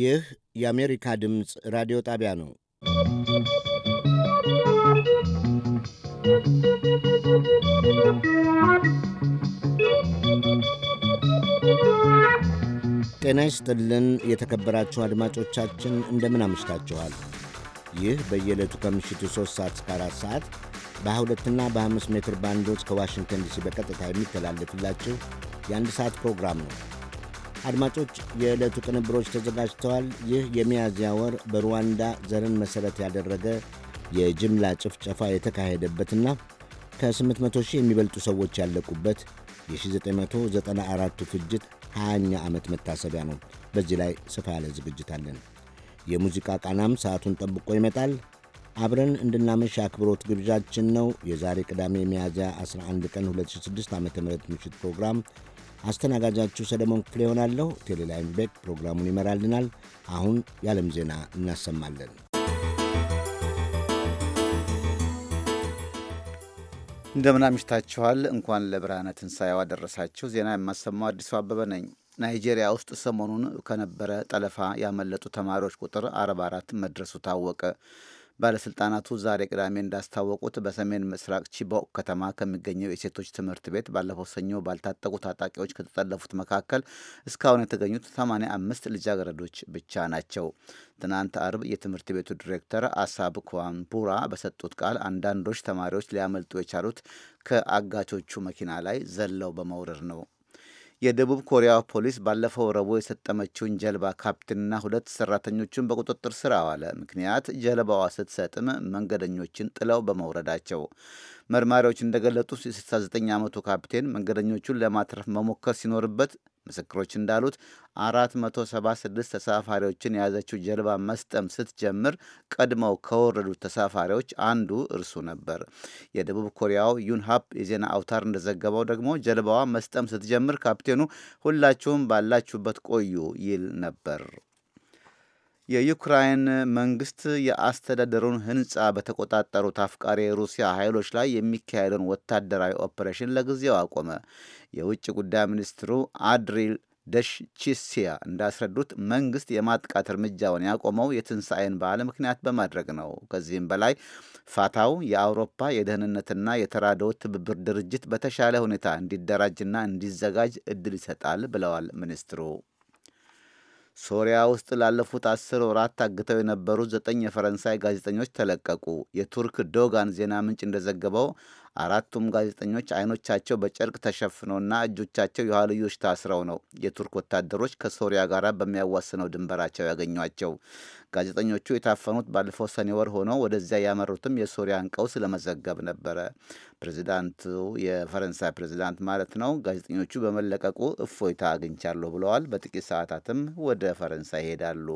ይህ የአሜሪካ ድምፅ ራዲዮ ጣቢያ ነው። ጤና ይስጥልን የተከበራችሁ አድማጮቻችን፣ እንደምን አምሽታችኋል? ይህ በየዕለቱ ከምሽቱ 3 ሰዓት እስከ 4 ሰዓት በ2ና በ5 ሜትር ባንዶች ከዋሽንግተን ዲሲ በቀጥታ የሚተላለፍላችሁ የአንድ ሰዓት ፕሮግራም ነው። አድማጮች፣ የዕለቱ ቅንብሮች ተዘጋጅተዋል። ይህ የሚያዝያ ወር በሩዋንዳ ዘርን መሠረት ያደረገ የጅምላ ጭፍጨፋ የተካሄደበትና ከ800 ሺህ የሚበልጡ ሰዎች ያለቁበት የ1994ቱ ፍጅት 20ኛ ዓመት መታሰቢያ ነው። በዚህ ላይ ሰፋ ያለ ዝግጅት አለን። የሙዚቃ ቃናም ሰዓቱን ጠብቆ ይመጣል። አብረን እንድናመሽ አክብሮት ግብዣችን ነው። የዛሬ ቅዳሜ ሚያዝያ 11 ቀን 2006 ዓ ም ምሽት ፕሮግራም አስተናጋጃችሁ ሰለሞን ክፍሌ ይሆናለሁ። ቴሌላይም ቤክ ፕሮግራሙን ይመራልናል። አሁን የዓለም ዜና እናሰማለን። እንደምን አምሽታችኋል። እንኳን ለብርሃነ ትንሣኤው አደረሳችሁ። ዜና የማሰማው አዲሱ አበበ ነኝ። ናይጄሪያ ውስጥ ሰሞኑን ከነበረ ጠለፋ ያመለጡ ተማሪዎች ቁጥር 44 መድረሱ ታወቀ። ባለስልጣናቱ ዛሬ ቅዳሜ እንዳስታወቁት በሰሜን ምስራቅ ቺቦክ ከተማ ከሚገኘው የሴቶች ትምህርት ቤት ባለፈው ሰኞ ባልታጠቁ ታጣቂዎች ከተጠለፉት መካከል እስካሁን የተገኙት 85 ልጃገረዶች ብቻ ናቸው። ትናንት አርብ የትምህርት ቤቱ ዲሬክተር አሳብ ኳምፑራ በሰጡት ቃል አንዳንዶች ተማሪዎች ሊያመልጡ የቻሉት ከአጋቾቹ መኪና ላይ ዘለው በመውረድ ነው። የደቡብ ኮሪያ ፖሊስ ባለፈው ረቡዕ የሰጠመችውን ጀልባ ካፕቴንና ሁለት ሰራተኞችን በቁጥጥር ስር አዋለ። ምክንያት ጀልባዋ ስትሰጥም መንገደኞችን ጥለው በመውረዳቸው። መርማሪዎች እንደገለጡት የ69 ዓመቱ ካፕቴን መንገደኞቹን ለማትረፍ መሞከር ሲኖርበት ምስክሮች እንዳሉት 476 ተሳፋሪዎችን የያዘችው ጀልባ መስጠም ስትጀምር ቀድመው ከወረዱት ተሳፋሪዎች አንዱ እርሱ ነበር። የደቡብ ኮሪያው ዩንሃፕ የዜና አውታር እንደዘገበው ደግሞ ጀልባዋ መስጠም ስትጀምር ካፕቴኑ ሁላችሁም ባላችሁበት ቆዩ ይል ነበር። የዩክራይን መንግስት የአስተዳደሩን ህንፃ በተቆጣጠሩት አፍቃሪ የሩሲያ ኃይሎች ላይ የሚካሄደውን ወታደራዊ ኦፕሬሽን ለጊዜው አቆመ። የውጭ ጉዳይ ሚኒስትሩ አድሪል ደሽቺሲያ እንዳስረዱት መንግስት የማጥቃት እርምጃውን ያቆመው የትንሣኤን በዓል ምክንያት በማድረግ ነው። ከዚህም በላይ ፋታው የአውሮፓ የደህንነትና የተራድኦ ትብብር ድርጅት በተሻለ ሁኔታ እንዲደራጅና እንዲዘጋጅ እድል ይሰጣል ብለዋል ሚኒስትሩ። ሶሪያ ውስጥ ላለፉት አስር ወራት ታግተው የነበሩት ዘጠኝ የፈረንሳይ ጋዜጠኞች ተለቀቁ። የቱርክ ዶጋን ዜና ምንጭ እንደዘገበው አራቱም ጋዜጠኞች አይኖቻቸው በጨርቅ ተሸፍነውና እጆቻቸው የኋልዮሽ ታስረው ነው የቱርክ ወታደሮች ከሶሪያ ጋር በሚያዋስነው ድንበራቸው ያገኟቸው። ጋዜጠኞቹ የታፈኑት ባለፈው ሰኔ ወር ሆኖ ወደዚያ ያመሩትም የሶሪያን ቀውስ ለመዘገብ ነበረ። ፕሬዚዳንቱ የፈረንሳይ ፕሬዚዳንት ማለት ነው ጋዜጠኞቹ በመለቀቁ እፎይታ አግኝቻለሁ ብለዋል። በጥቂት ሰዓታትም ወደ ፈረንሳይ ይሄዳሉ።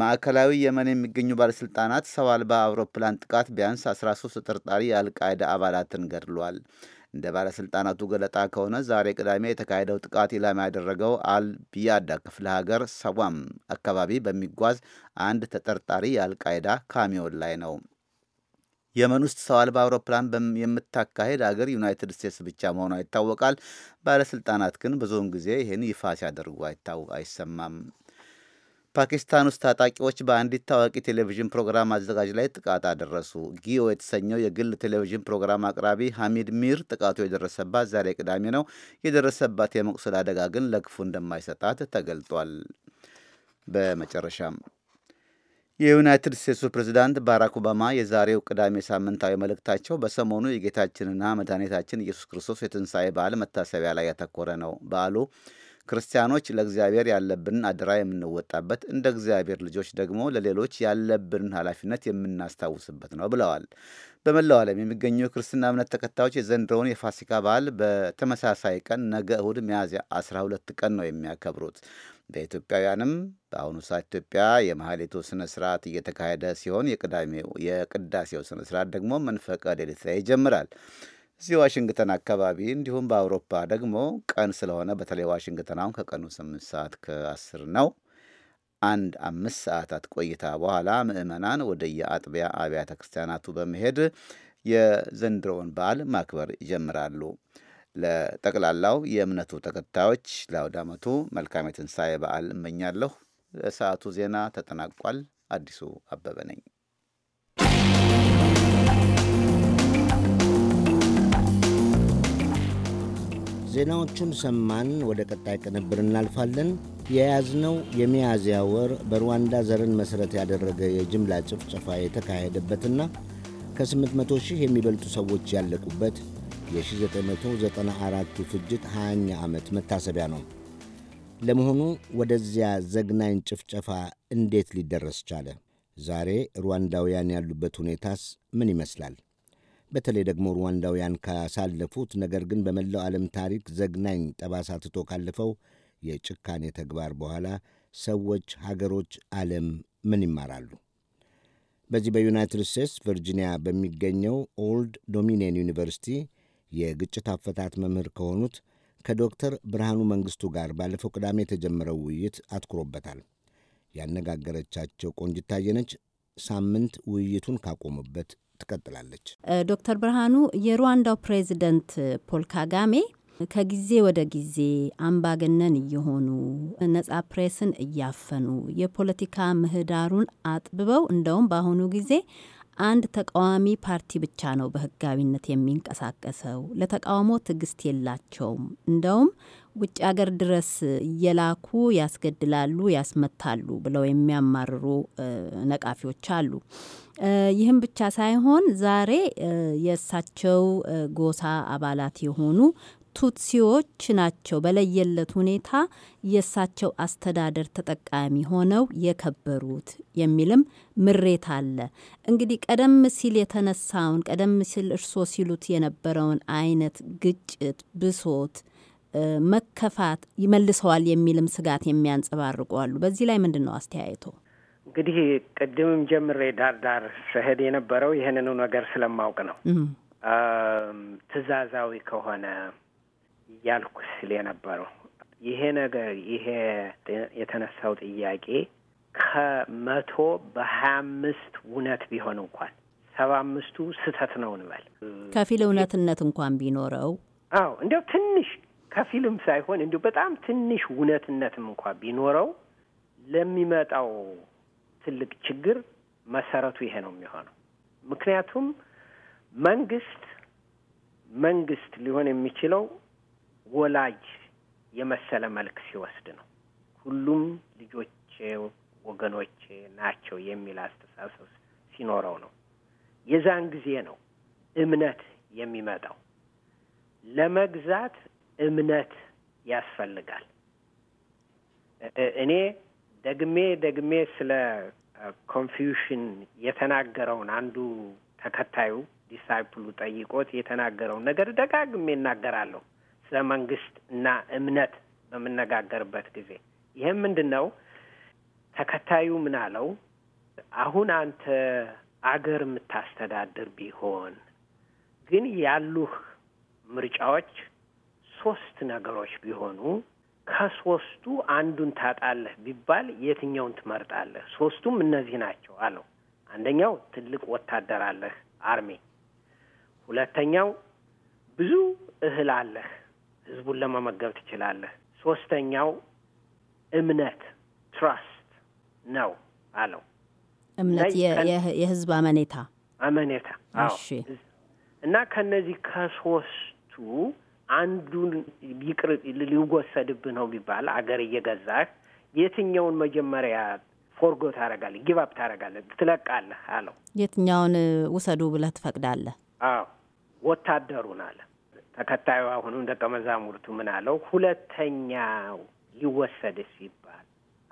ማዕከላዊ የመን የሚገኙ ባለሥልጣናት ሰው አልባ አውሮፕላን ጥቃት ቢያንስ 13 ተጠርጣሪ የአልቃይዳ አባላትን ገድሏል። እንደ ባለሥልጣናቱ ገለጣ ከሆነ ዛሬ ቅዳሜ የተካሄደው ጥቃት ኢላማ ያደረገው አልቢያዳ ክፍለ ሀገር ሰዋም አካባቢ በሚጓዝ አንድ ተጠርጣሪ የአልቃይዳ ካሚዮን ላይ ነው። የመን ውስጥ ሰው አልባ አውሮፕላን የምታካሄድ አገር ዩናይትድ ስቴትስ ብቻ መሆኗ ይታወቃል። ባለሥልጣናት ግን ብዙውን ጊዜ ይህን ይፋ ሲያደርጉ አይሰማም። ፓኪስታን ውስጥ ታጣቂዎች በአንዲት ታዋቂ ቴሌቪዥን ፕሮግራም አዘጋጅ ላይ ጥቃት አደረሱ። ጊዮ የተሰኘው የግል ቴሌቪዥን ፕሮግራም አቅራቢ ሐሚድ ሚር ጥቃቱ የደረሰባት ዛሬ ቅዳሜ ነው። የደረሰባት የመቁሰል አደጋ ግን ለክፉ እንደማይሰጣት ተገልጧል። በመጨረሻም የዩናይትድ ስቴትሱ ፕሬዚዳንት ባራክ ኦባማ የዛሬው ቅዳሜ ሳምንታዊ መልእክታቸው በሰሞኑ የጌታችንና መድኃኒታችን ኢየሱስ ክርስቶስ የትንሣኤ በዓል መታሰቢያ ላይ ያተኮረ ነው። በዓሉ ክርስቲያኖች ለእግዚአብሔር ያለብንን አደራ የምንወጣበት፣ እንደ እግዚአብሔር ልጆች ደግሞ ለሌሎች ያለብንን ኃላፊነት የምናስታውስበት ነው ብለዋል። በመላው ዓለም የሚገኙ የክርስትና እምነት ተከታዮች የዘንድሮውን የፋሲካ በዓል በተመሳሳይ ቀን ነገ እሁድ ሚያዝያ 12 ቀን ነው የሚያከብሩት። በኢትዮጵያውያንም በአሁኑ ሰዓት ኢትዮጵያ የመሐሌቱ ስነ ስርዓት እየተካሄደ ሲሆን የቅዳሴው ስነ ስርዓት ደግሞ መንፈቀ ሌሊት ላይ ይጀምራል። እዚህ ዋሽንግተን አካባቢ እንዲሁም በአውሮፓ ደግሞ ቀን ስለሆነ በተለይ ዋሽንግተን አሁን ከቀኑ ስምንት ሰዓት ከአስር ነው። አንድ አምስት ሰዓታት ቆይታ በኋላ ምዕመናን ወደ የአጥቢያ አብያተ ክርስቲያናቱ በመሄድ የዘንድሮውን በዓል ማክበር ይጀምራሉ። ለጠቅላላው የእምነቱ ተከታዮች ለአውደ ዓመቱ መልካም የትንሣኤ በዓል እመኛለሁ። ሰዓቱ ዜና ተጠናቋል። አዲሱ አበበ ነኝ። ዜናዎቹን ሰማን። ወደ ቀጣይ ቅንብር እናልፋለን። የያዝነው የሚያዝያ ወር በሩዋንዳ ዘርን መሠረት ያደረገ የጅምላ ጭፍጨፋ የተካሄደበትና ከ800 ሺህ የሚበልጡ ሰዎች ያለቁበት የ1994ቱ ፍጅት 20ኛ ዓመት መታሰቢያ ነው። ለመሆኑ ወደዚያ ዘግናኝ ጭፍጨፋ እንዴት ሊደረስ ቻለ? ዛሬ ሩዋንዳውያን ያሉበት ሁኔታስ ምን ይመስላል? በተለይ ደግሞ ሩዋንዳውያን ካሳለፉት ነገር ግን በመላው ዓለም ታሪክ ዘግናኝ ጠባሳ ትቶ ካለፈው የጭካኔ ተግባር በኋላ ሰዎች፣ ሀገሮች፣ ዓለም ምን ይማራሉ? በዚህ በዩናይትድ ስቴትስ ቨርጂኒያ በሚገኘው ኦልድ ዶሚኒየን ዩኒቨርሲቲ የግጭት አፈታት መምህር ከሆኑት ከዶክተር ብርሃኑ መንግስቱ ጋር ባለፈው ቅዳሜ የተጀመረው ውይይት አትኩሮበታል። ያነጋገረቻቸው ቆንጅታየነች ሳምንት ውይይቱን ካቆሙበት ትቀጥላለች። ዶክተር ብርሃኑ የሩዋንዳው ፕሬዚደንት ፖል ካጋሜ ከጊዜ ወደ ጊዜ አምባገነን እየሆኑ ነጻ ፕሬስን እያፈኑ የፖለቲካ ምህዳሩን አጥብበው እንደውም በአሁኑ ጊዜ አንድ ተቃዋሚ ፓርቲ ብቻ ነው በህጋዊነት የሚንቀሳቀሰው። ለተቃውሞ ትዕግስት የላቸውም። እንደውም ውጭ ሀገር ድረስ እየላኩ ያስገድላሉ፣ ያስመታሉ ብለው የሚያማርሩ ነቃፊዎች አሉ። ይህም ብቻ ሳይሆን ዛሬ የእሳቸው ጎሳ አባላት የሆኑ ቱትሲዎች ናቸው በለየለት ሁኔታ የእሳቸው አስተዳደር ተጠቃሚ ሆነው የከበሩት የሚልም ምሬት አለ። እንግዲህ ቀደም ሲል የተነሳውን ቀደም ሲል እርስዎ ሲሉት የነበረውን አይነት ግጭት፣ ብሶት፣ መከፋት ይመልሰዋል የሚልም ስጋት የሚያንጸባርቁ አሉ። በዚህ ላይ ምንድን ነው አስተያየቶ? እንግዲህ ቅድምም ጀምሬ ዳር ዳር ስሄድ የነበረው ይህንኑ ነገር ስለማውቅ ነው። ትዕዛዛዊ ከሆነ እያልኩ ስል የነበረው ይሄ ነገር ይሄ የተነሳው ጥያቄ ከመቶ በሀያ አምስት እውነት ቢሆን እንኳን ሰባ አምስቱ ስህተት ነው እንበል፣ ከፊል እውነትነት እንኳን ቢኖረው አዎ እንዲያው ትንሽ ከፊልም ሳይሆን እንዲሁ በጣም ትንሽ እውነትነትም እንኳን ቢኖረው ለሚመጣው ትልቅ ችግር መሰረቱ ይሄ ነው የሚሆነው። ምክንያቱም መንግስት መንግስት ሊሆን የሚችለው ወላጅ የመሰለ መልክ ሲወስድ ነው። ሁሉም ልጆቼ ወገኖቼ ናቸው የሚል አስተሳሰብ ሲኖረው ነው። የዛን ጊዜ ነው እምነት የሚመጣው። ለመግዛት እምነት ያስፈልጋል። እኔ ደግሜ ደግሜ ስለ ኮንፊውሽን የተናገረውን አንዱ ተከታዩ ዲሳይፕሉ ጠይቆት የተናገረውን ነገር ደጋግሜ እናገራለሁ። ስለ መንግስት እና እምነት በምነጋገርበት ጊዜ ይህም ምንድን ነው? ተከታዩ ምን አለው? አሁን አንተ አገር የምታስተዳድር ቢሆን ግን ያሉህ ምርጫዎች ሶስት ነገሮች ቢሆኑ ከሶስቱ አንዱን ታጣለህ ቢባል የትኛውን ትመርጣለህ? ሶስቱም እነዚህ ናቸው አለው። አንደኛው ትልቅ ወታደር አለህ፣ አርሜ። ሁለተኛው ብዙ እህል አለህ፣ ህዝቡን ለመመገብ ትችላለህ። ሶስተኛው እምነት ትራስት ነው አለው። እምነት የህዝብ አመኔታ አመኔታ። እሺ። እና ከነዚህ ከሶስቱ አንዱን ቢቅር ሊወሰድብህ ነው ቢባል አገር እየገዛህ የትኛውን መጀመሪያ ፎርጎ ታደርጋለህ? ጊባብ ታደርጋለህ? ትለቃለህ አለው። የትኛውን ውሰዱ ብለህ ትፈቅዳለህ? አዎ ወታደሩን አለ ተከታዩ አሁንም ደቀ መዛሙርቱ ምን አለው? ሁለተኛው ሊወሰድ ሲባል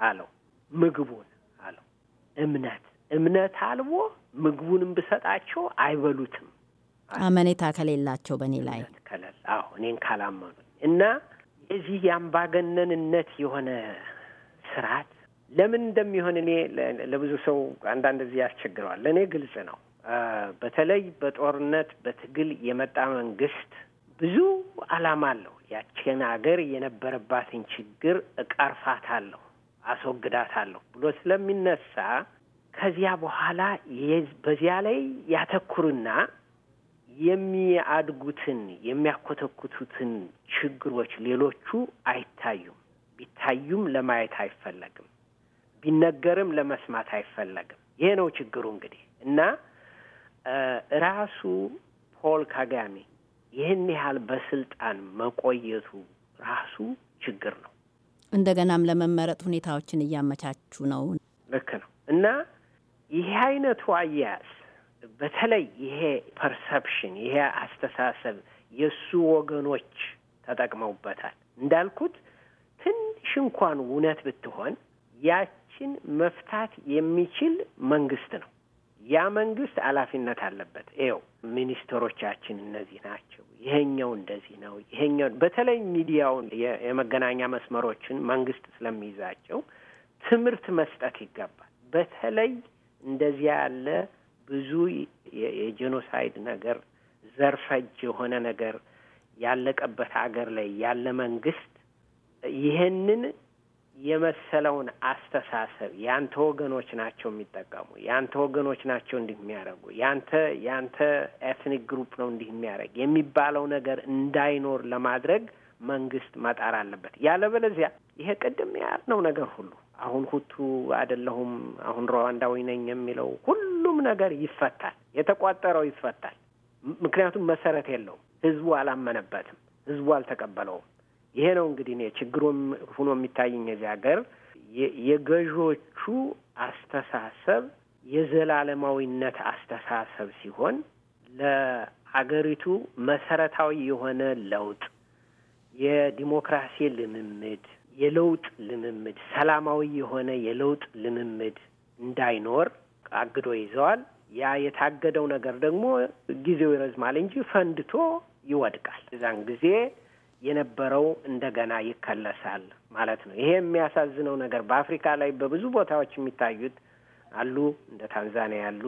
አለው ምግቡን አለው እምነት እምነት አልቦ ምግቡንም ብሰጣቸው አይበሉትም። አመኔታ ከሌላቸው በእኔ ላይ ከለል አዎ እኔን ካላመኑ እና የዚህ የአምባገነንነት የሆነ ስርዓት ለምን እንደሚሆን እኔ ለብዙ ሰው አንዳንድ እዚህ ያስቸግረዋል። ለእኔ ግልጽ ነው። በተለይ በጦርነት በትግል የመጣ መንግስት ብዙ አላማ አለው። ያችን ሀገር የነበረባትን ችግር እቀርፋታለሁ፣ አስወግዳታለሁ ብሎ ስለሚነሳ ከዚያ በኋላ በዚያ ላይ ያተኩርና የሚያድጉትን የሚያኮተኩቱትን ችግሮች ሌሎቹ አይታዩም። ቢታዩም ለማየት አይፈለግም፣ ቢነገርም ለመስማት አይፈለግም። ይሄ ነው ችግሩ እንግዲህ እና ራሱ ፖል ካጋሜ ይህን ያህል በስልጣን መቆየቱ ራሱ ችግር ነው። እንደገናም ለመመረጥ ሁኔታዎችን እያመቻቹ ነው። ልክ ነው። እና ይህ አይነቱ አያያዝ በተለይ ይሄ ፐርሰፕሽን፣ ይሄ አስተሳሰብ የእሱ ወገኖች ተጠቅመውበታል። እንዳልኩት ትንሽ እንኳን እውነት ብትሆን ያችን መፍታት የሚችል መንግስት ነው ያ መንግስት ኃላፊነት አለበት። ይኸው ሚኒስትሮቻችን እነዚህ ናቸው፣ ይሄኛው እንደዚህ ነው፣ ይሄኛው በተለይ ሚዲያውን የመገናኛ መስመሮችን መንግስት ስለሚይዛቸው ትምህርት መስጠት ይገባል። በተለይ እንደዚያ ያለ ብዙ የጄኖሳይድ ነገር ዘርፈጅ የሆነ ነገር ያለቀበት አገር ላይ ያለ መንግስት ይህንን የመሰለውን አስተሳሰብ ያንተ ወገኖች ናቸው የሚጠቀሙ፣ ያንተ ወገኖች ናቸው እንዲህ የሚያደርጉ፣ ያንተ ያንተ ኤትኒክ ግሩፕ ነው እንዲህ የሚያደርግ የሚባለው ነገር እንዳይኖር ለማድረግ መንግስት መጣር አለበት። ያለበለዚያ ይሄ ቅድም ያልነው ነገር ሁሉ አሁን ሁቱ አይደለሁም አሁን ሩዋንዳዊ ነኝ የሚለው ሁሉም ነገር ይፈታል፣ የተቋጠረው ይፈታል። ምክንያቱም መሰረት የለውም። ህዝቡ አላመነበትም። ህዝቡ አልተቀበለውም። ይሄ ነው እንግዲህ እኔ ችግሩም ሆኖ የሚታይኝ እዚህ ሀገር የገዢዎቹ አስተሳሰብ የዘላለማዊነት አስተሳሰብ ሲሆን ለአገሪቱ መሰረታዊ የሆነ ለውጥ የዲሞክራሲ ልምምድ፣ የለውጥ ልምምድ፣ ሰላማዊ የሆነ የለውጥ ልምምድ እንዳይኖር አግዶ ይዘዋል። ያ የታገደው ነገር ደግሞ ጊዜው ይረዝማል እንጂ ፈንድቶ ይወድቃል። እዛን ጊዜ የነበረው እንደገና ይከለሳል ማለት ነው። ይሄ የሚያሳዝነው ነገር በአፍሪካ ላይ በብዙ ቦታዎች የሚታዩት አሉ እንደ ታንዛኒያ ያሉ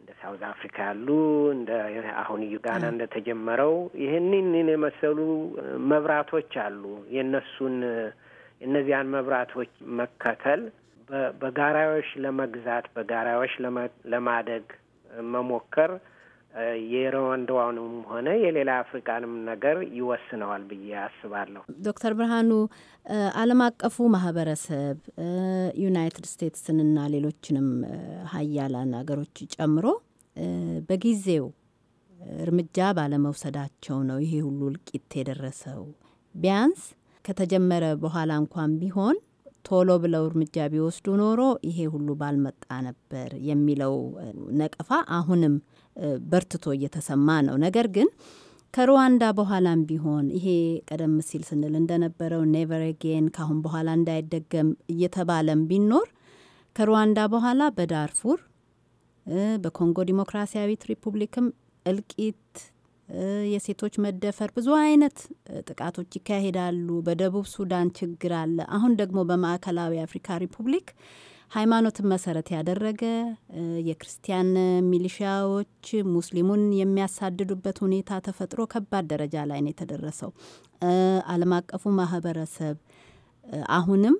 እንደ ሳውዝ አፍሪካ ያሉ እንደ አሁን ዩጋና እንደተጀመረው ይህንን የመሰሉ መብራቶች አሉ። የእነሱን የእነዚያን መብራቶች መከተል በጋራዎች ለመግዛት በጋራዎች ለማደግ መሞከር የሩዋንዳውንም ሆነ የሌላ አፍሪካንም ነገር ይወስነዋል ብዬ አስባለሁ። ዶክተር ብርሃኑ ዓለም አቀፉ ማህበረሰብ ዩናይትድ ስቴትስንና ሌሎችንም ሀያላን ሀገሮች ጨምሮ በጊዜው እርምጃ ባለመውሰዳቸው ነው ይሄ ሁሉ እልቂት የደረሰው። ቢያንስ ከተጀመረ በኋላ እንኳን ቢሆን ቶሎ ብለው እርምጃ ቢወስዱ ኖሮ ይሄ ሁሉ ባልመጣ ነበር የሚለው ነቀፋ አሁንም በርትቶ እየተሰማ ነው። ነገር ግን ከሩዋንዳ በኋላም ቢሆን ይሄ ቀደም ሲል ስንል እንደነበረው ኔቨር ጌን ካሁን በኋላ እንዳይደገም እየተባለም ቢኖር ከሩዋንዳ በኋላ በዳርፉር በኮንጎ ዲሞክራሲያዊት ሪፑብሊክም እልቂት፣ የሴቶች መደፈር፣ ብዙ አይነት ጥቃቶች ይካሄዳሉ። በደቡብ ሱዳን ችግር አለ። አሁን ደግሞ በማዕከላዊ አፍሪካ ሪፑብሊክ ሃይማኖትን መሰረት ያደረገ የክርስቲያን ሚሊሺያዎች ሙስሊሙን የሚያሳድዱበት ሁኔታ ተፈጥሮ ከባድ ደረጃ ላይ ነው የተደረሰው። ዓለም አቀፉ ማህበረሰብ አሁንም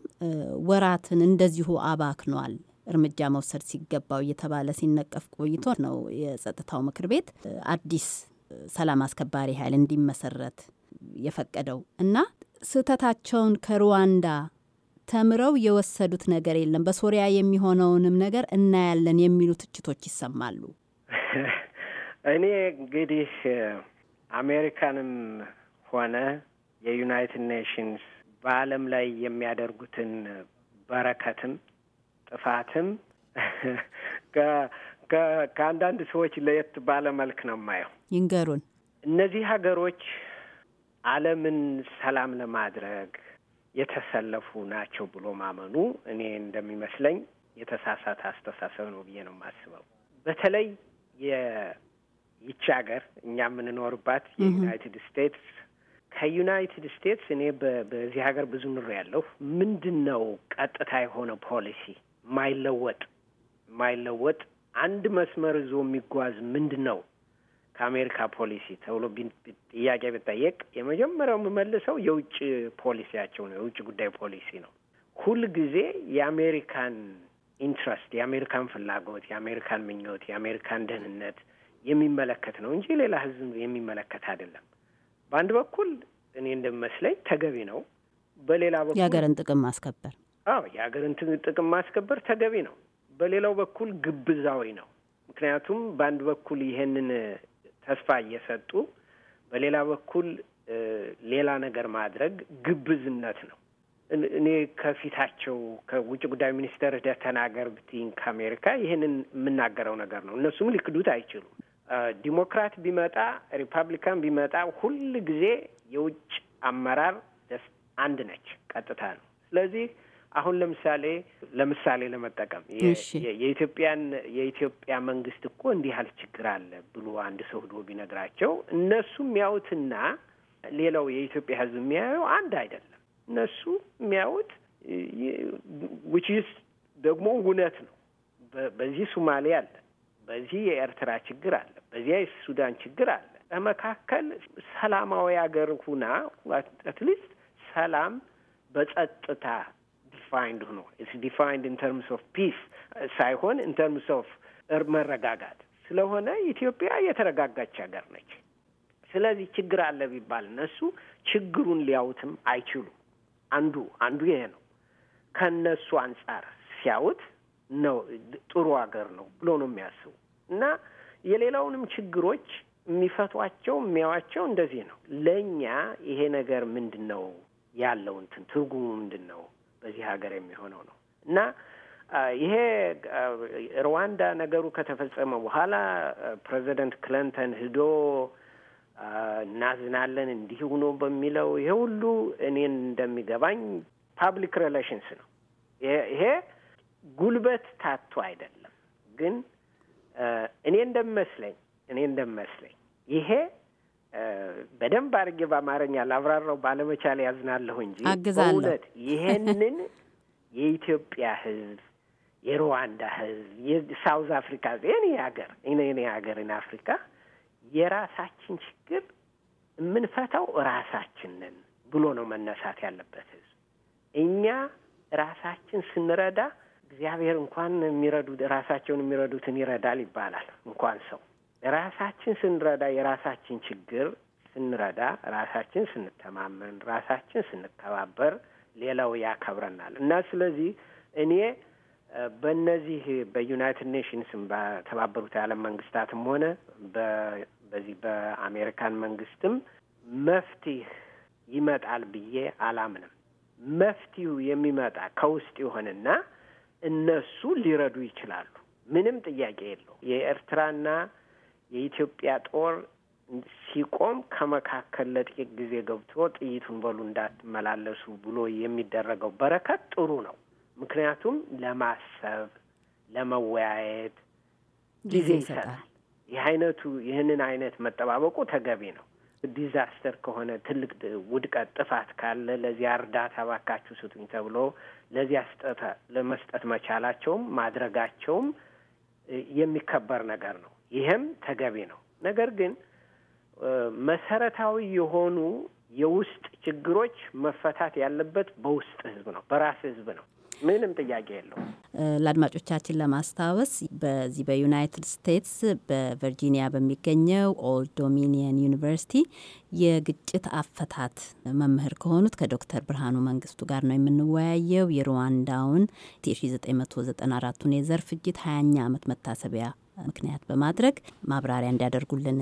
ወራትን እንደዚሁ አባክኗል እርምጃ መውሰድ ሲገባው እየተባለ ሲነቀፍ ቆይቶ ነው የጸጥታው ምክር ቤት አዲስ ሰላም አስከባሪ ኃይል እንዲመሰረት የፈቀደው እና ስህተታቸውን ከሩዋንዳ ተምረው የወሰዱት ነገር የለም፣ በሶሪያ የሚሆነውንም ነገር እናያለን የሚሉ ትችቶች ይሰማሉ። እኔ እንግዲህ አሜሪካንም ሆነ የዩናይትድ ኔሽንስ በዓለም ላይ የሚያደርጉትን በረከትም ጥፋትም ከአንዳንድ ሰዎች ለየት ባለ መልክ ነው የማየው። ይንገሩን። እነዚህ ሀገሮች ዓለምን ሰላም ለማድረግ የተሰለፉ ናቸው ብሎ ማመኑ እኔ እንደሚመስለኝ የተሳሳተ አስተሳሰብ ነው ብዬ ነው የማስበው። በተለይ የይቺ ሀገር እኛ የምንኖርባት የዩናይትድ ስቴትስ ከዩናይትድ ስቴትስ እኔ በዚህ ሀገር ብዙ ኑሮ ያለሁ ምንድን ነው ቀጥታ የሆነ ፖሊሲ ማይለወጥ ማይለወጥ አንድ መስመር ይዞ የሚጓዝ ምንድን ነው ከአሜሪካ ፖሊሲ ተብሎ ጥያቄ ቢጠየቅ የመጀመሪያው የምመልሰው የውጭ ፖሊሲያቸው ነው፣ የውጭ ጉዳይ ፖሊሲ ነው። ሁልጊዜ የአሜሪካን ኢንትረስት፣ የአሜሪካን ፍላጎት፣ የአሜሪካን ምኞት፣ የአሜሪካን ደህንነት የሚመለከት ነው እንጂ ሌላ ህዝብ የሚመለከት አይደለም። በአንድ በኩል እኔ እንደሚመስለኝ ተገቢ ነው። በሌላ በኩል የሀገርን ጥቅም ማስከበር፣ አዎ የሀገርን ጥቅም ማስከበር ተገቢ ነው። በሌላው በኩል ግብዛዊ ነው። ምክንያቱም በአንድ በኩል ይሄንን ተስፋ እየሰጡ በሌላ በኩል ሌላ ነገር ማድረግ ግብዝነት ነው። እኔ ከፊታቸው ከውጭ ጉዳይ ሚኒስቴር ሄደህ ተናገር ብትይኝ ከአሜሪካ ይህንን የምናገረው ነገር ነው። እነሱም ሊክዱት አይችሉም። ዲሞክራት ቢመጣ ሪፐብሊካን ቢመጣ ሁል ጊዜ የውጭ አመራር አንድ ነች፣ ቀጥታ ነው። ስለዚህ አሁን ለምሳሌ ለምሳሌ ለመጠቀም የኢትዮጵያን የኢትዮጵያ መንግስት እኮ እንዲህ ያህል ችግር አለ ብሎ አንድ ሰው ዶ ቢነግራቸው እነሱ የሚያዩትና ሌላው የኢትዮጵያ ሕዝብ የሚያየው አንድ አይደለም። እነሱ የሚያዩት ውችስ ደግሞ እውነት ነው። በዚህ ሱማሌ አለ፣ በዚህ የኤርትራ ችግር አለ፣ በዚያ የሱዳን ችግር አለ። በመካከል ሰላማዊ ሀገር ሁና አትሊስት ሰላም በጸጥታ ዲፋይንድ ሆኖ ኢትስ ዲፋይንድ ኢን ተርምስ ኦፍ ፒስ ሳይሆን ኢን ተርምስ ኦፍ መረጋጋት ስለሆነ ኢትዮጵያ የተረጋጋች ሀገር ነች። ስለዚህ ችግር አለ ቢባል እነሱ ችግሩን ሊያዩትም አይችሉም። አንዱ አንዱ ይሄ ነው። ከነሱ አንጻር ሲያዩት ነው ጥሩ ሀገር ነው ብሎ ነው የሚያስቡ እና የሌላውንም ችግሮች የሚፈቷቸው የሚያዋቸው እንደዚህ ነው። ለእኛ ይሄ ነገር ምንድን ነው ያለው እንትን ትርጉሙ ምንድን ነው በዚህ ሀገር የሚሆነው ነው እና ይሄ ሩዋንዳ ነገሩ ከተፈጸመ በኋላ ፕሬዚደንት ክሊንተን ሂዶ እናዝናለን እንዲህ ሆኖ በሚለው ይሄ ሁሉ እኔን እንደሚገባኝ ፓብሊክ ሪሌሽንስ ነው። ይሄ ጉልበት ታቶ አይደለም፣ ግን እኔ እንደሚመስለኝ እኔ እንደሚመስለኝ ይሄ በደንብ አድርጌ በአማርኛ ላብራራው ባለመቻል ያዝናለሁ እንጂ በእውነት ይሄንን የኢትዮጵያ ህዝብ፣ የሩዋንዳ ህዝብ፣ የሳውዝ አፍሪካ የኔ ሀገር እኔ ሀገርን አፍሪካ የራሳችን ችግር የምንፈታው ራሳችንን ብሎ ነው መነሳት ያለበት ህዝብ። እኛ ራሳችን ስንረዳ እግዚአብሔር እንኳን የሚረዱ ራሳቸውን የሚረዱትን ይረዳል ይባላል። እንኳን ሰው ራሳችን ስንረዳ የራሳችን ችግር ስንረዳ ራሳችን ስንተማመን ራሳችን ስንከባበር ሌላው ያከብረናል እና ስለዚህ እኔ በእነዚህ በዩናይትድ ኔሽንስም በተባበሩት የዓለም መንግስታትም ሆነ በዚህ በአሜሪካን መንግስትም መፍትህ ይመጣል ብዬ አላምንም። መፍትሁ የሚመጣ ከውስጥ ይሆንና እነሱ ሊረዱ ይችላሉ። ምንም ጥያቄ የለው። የኤርትራና የኢትዮጵያ ጦር ሲቆም ከመካከል ለጥቂት ጊዜ ገብቶ ጥይቱን በሉ እንዳትመላለሱ ብሎ የሚደረገው በረከት ጥሩ ነው። ምክንያቱም ለማሰብ ለመወያየት ጊዜ ይሰጣል። ይህ አይነቱ ይህንን አይነት መጠባበቁ ተገቢ ነው። ዲዛስተር ከሆነ ትልቅ ውድቀት፣ ጥፋት ካለ ለዚያ እርዳታ ባካችሁ ስጡኝ ተብሎ ለዚያ ስጠት ለመስጠት መቻላቸውም ማድረጋቸውም የሚከበር ነገር ነው። ይህም ተገቢ ነው። ነገር ግን መሰረታዊ የሆኑ የውስጥ ችግሮች መፈታት ያለበት በውስጥ ህዝብ ነው፣ በራስ ህዝብ ነው። ምንም ጥያቄ የለው ለአድማጮቻችን ለማስታወስ በዚህ በዩናይትድ ስቴትስ በቨርጂኒያ በሚገኘው ኦልድ ዶሚኒየን ዩኒቨርሲቲ የግጭት አፈታት መምህር ከሆኑት ከዶክተር ብርሃኑ መንግስቱ ጋር ነው የምንወያየው የሩዋንዳውን 1994 ቱን የዘር ፍጅት 20ኛ ዓመት መታሰቢያ ምክንያት በማድረግ ማብራሪያ እንዲያደርጉልን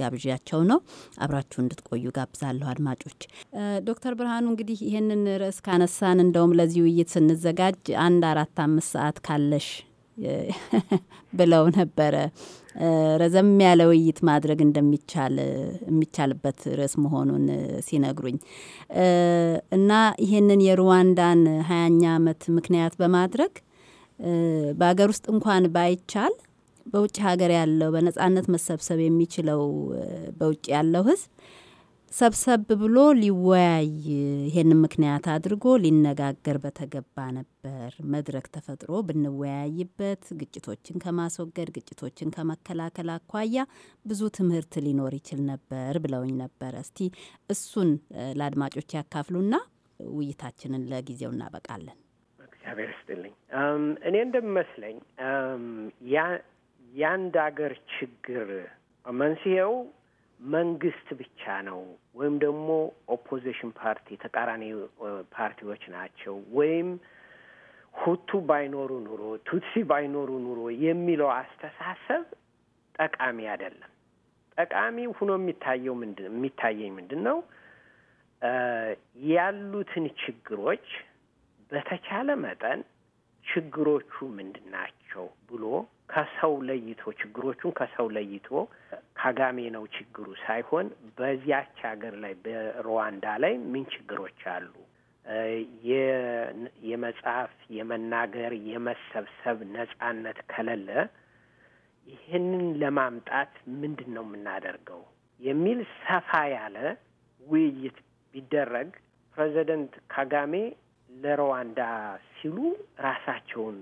ጋብዣቸው ነው። አብራችሁ እንድትቆዩ ጋብዛለሁ አድማጮች። ዶክተር ብርሃኑ እንግዲህ ይህንን ርዕስ ካነሳን እንደውም ለዚህ ውይይት ስንዘጋጅ አንድ አራት አምስት ሰዓት ካለሽ ብለው ነበረ። ረዘም ያለ ውይይት ማድረግ እንደሚቻል የሚቻልበት ርዕስ መሆኑን ሲነግሩኝ እና ይህንን የሩዋንዳን ሀያኛ ዓመት ምክንያት በማድረግ በሀገር ውስጥ እንኳን ባይቻል በውጭ ሀገር ያለው በነጻነት መሰብሰብ የሚችለው በውጭ ያለው ህዝብ ሰብሰብ ብሎ ሊወያይ ይሄን ምክንያት አድርጎ ሊነጋገር በተገባ ነበር። መድረክ ተፈጥሮ ብንወያይበት ግጭቶችን ከማስወገድ ግጭቶችን ከመከላከል አኳያ ብዙ ትምህርት ሊኖር ይችል ነበር ብለውኝ ነበር። እስቲ እሱን ለአድማጮች ያካፍሉና ውይይታችንን ለጊዜው እናበቃለን። እግዚአብሔር ስጥልኝ። እኔ እንደሚመስለኝ ያ የአንድ አገር ችግር መንስኤው መንግስት ብቻ ነው ወይም ደግሞ ኦፖዚሽን ፓርቲ ተቃራኒ ፓርቲዎች ናቸው ወይም ሁቱ ባይኖሩ ኑሮ ቱትሲ ባይኖሩ ኑሮ የሚለው አስተሳሰብ ጠቃሚ አይደለም። ጠቃሚ ሁኖ የሚታየው ምንድን የሚታየኝ ምንድን ነው ያሉትን ችግሮች በተቻለ መጠን ችግሮቹ ምንድን ናቸው ብሎ ከሰው ለይቶ ችግሮቹን ከሰው ለይቶ ካጋሜ ነው ችግሩ ሳይሆን በዚያች ሀገር ላይ በሩዋንዳ ላይ ምን ችግሮች አሉ? የመጽሐፍ የመናገር፣ የመሰብሰብ ነጻነት ከሌለ ይህንን ለማምጣት ምንድን ነው የምናደርገው የሚል ሰፋ ያለ ውይይት ቢደረግ ፕሬዚደንት ካጋሜ ለሩዋንዳ ሲሉ ራሳቸውን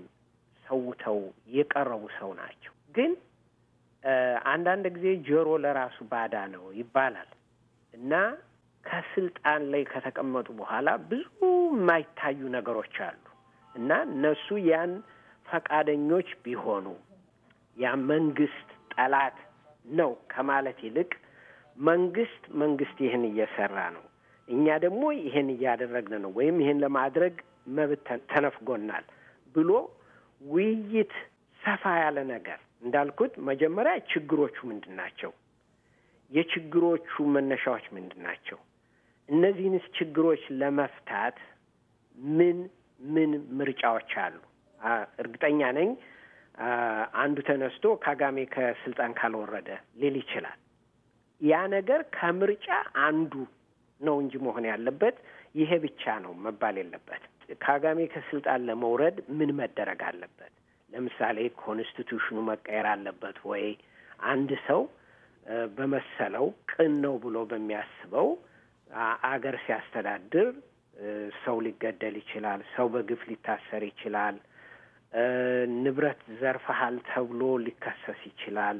ሰውተው የቀረቡ ሰው ናቸው። ግን አንዳንድ ጊዜ ጆሮ ለራሱ ባዳ ነው ይባላል እና ከስልጣን ላይ ከተቀመጡ በኋላ ብዙ የማይታዩ ነገሮች አሉ እና እነሱ ያን ፈቃደኞች ቢሆኑ ያ መንግስት ጠላት ነው ከማለት ይልቅ መንግስት መንግስት ይህን እየሰራ ነው፣ እኛ ደግሞ ይህን እያደረግን ነው፣ ወይም ይህን ለማድረግ መብት ተነፍጎናል ብሎ ውይይት፣ ሰፋ ያለ ነገር እንዳልኩት መጀመሪያ ችግሮቹ ምንድን ናቸው? የችግሮቹ መነሻዎች ምንድን ናቸው? እነዚህንስ ችግሮች ለመፍታት ምን ምን ምርጫዎች አሉ? እርግጠኛ ነኝ አንዱ ተነስቶ ካጋሜ ከስልጣን ካልወረደ ሊል ይችላል። ያ ነገር ከምርጫ አንዱ ነው እንጂ መሆን ያለበት ይሄ ብቻ ነው መባል የለበትም። ካጋሜ ከስልጣን ለመውረድ ምን መደረግ አለበት? ለምሳሌ ኮንስቲቱሽኑ መቀየር አለበት ወይ? አንድ ሰው በመሰለው ቅን ነው ብሎ በሚያስበው አገር ሲያስተዳድር ሰው ሊገደል ይችላል። ሰው በግፍ ሊታሰር ይችላል። ንብረት ዘርፈሃል ተብሎ ሊከሰስ ይችላል።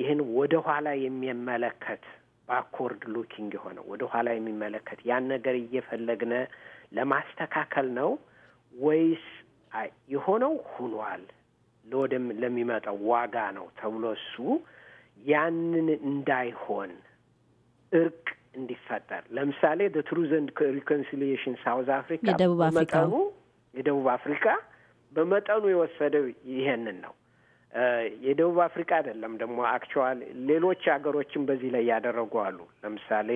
ይህን ወደ ኋላ የሚመለከት ባኮርድ ሉኪንግ የሆነ ወደ ኋላ የሚመለከት ያን ነገር እየፈለግነ ለማስተካከል ነው ወይስ የሆነው ሁኗል ለወደም ለሚመጣው ዋጋ ነው ተብሎ እሱ ያንን እንዳይሆን እርቅ እንዲፈጠር ለምሳሌ ደ ትሩዝ ኤንድ ሪኮንሲሊዬሽን ሳውዝ አፍሪካ የደቡብ አፍሪካ የደቡብ አፍሪካ በመጠኑ የወሰደው ይሄንን ነው። የደቡብ አፍሪካ አይደለም ደግሞ አክቹዋል ሌሎች ሀገሮችም በዚህ ላይ ያደረጉ አሉ። ለምሳሌ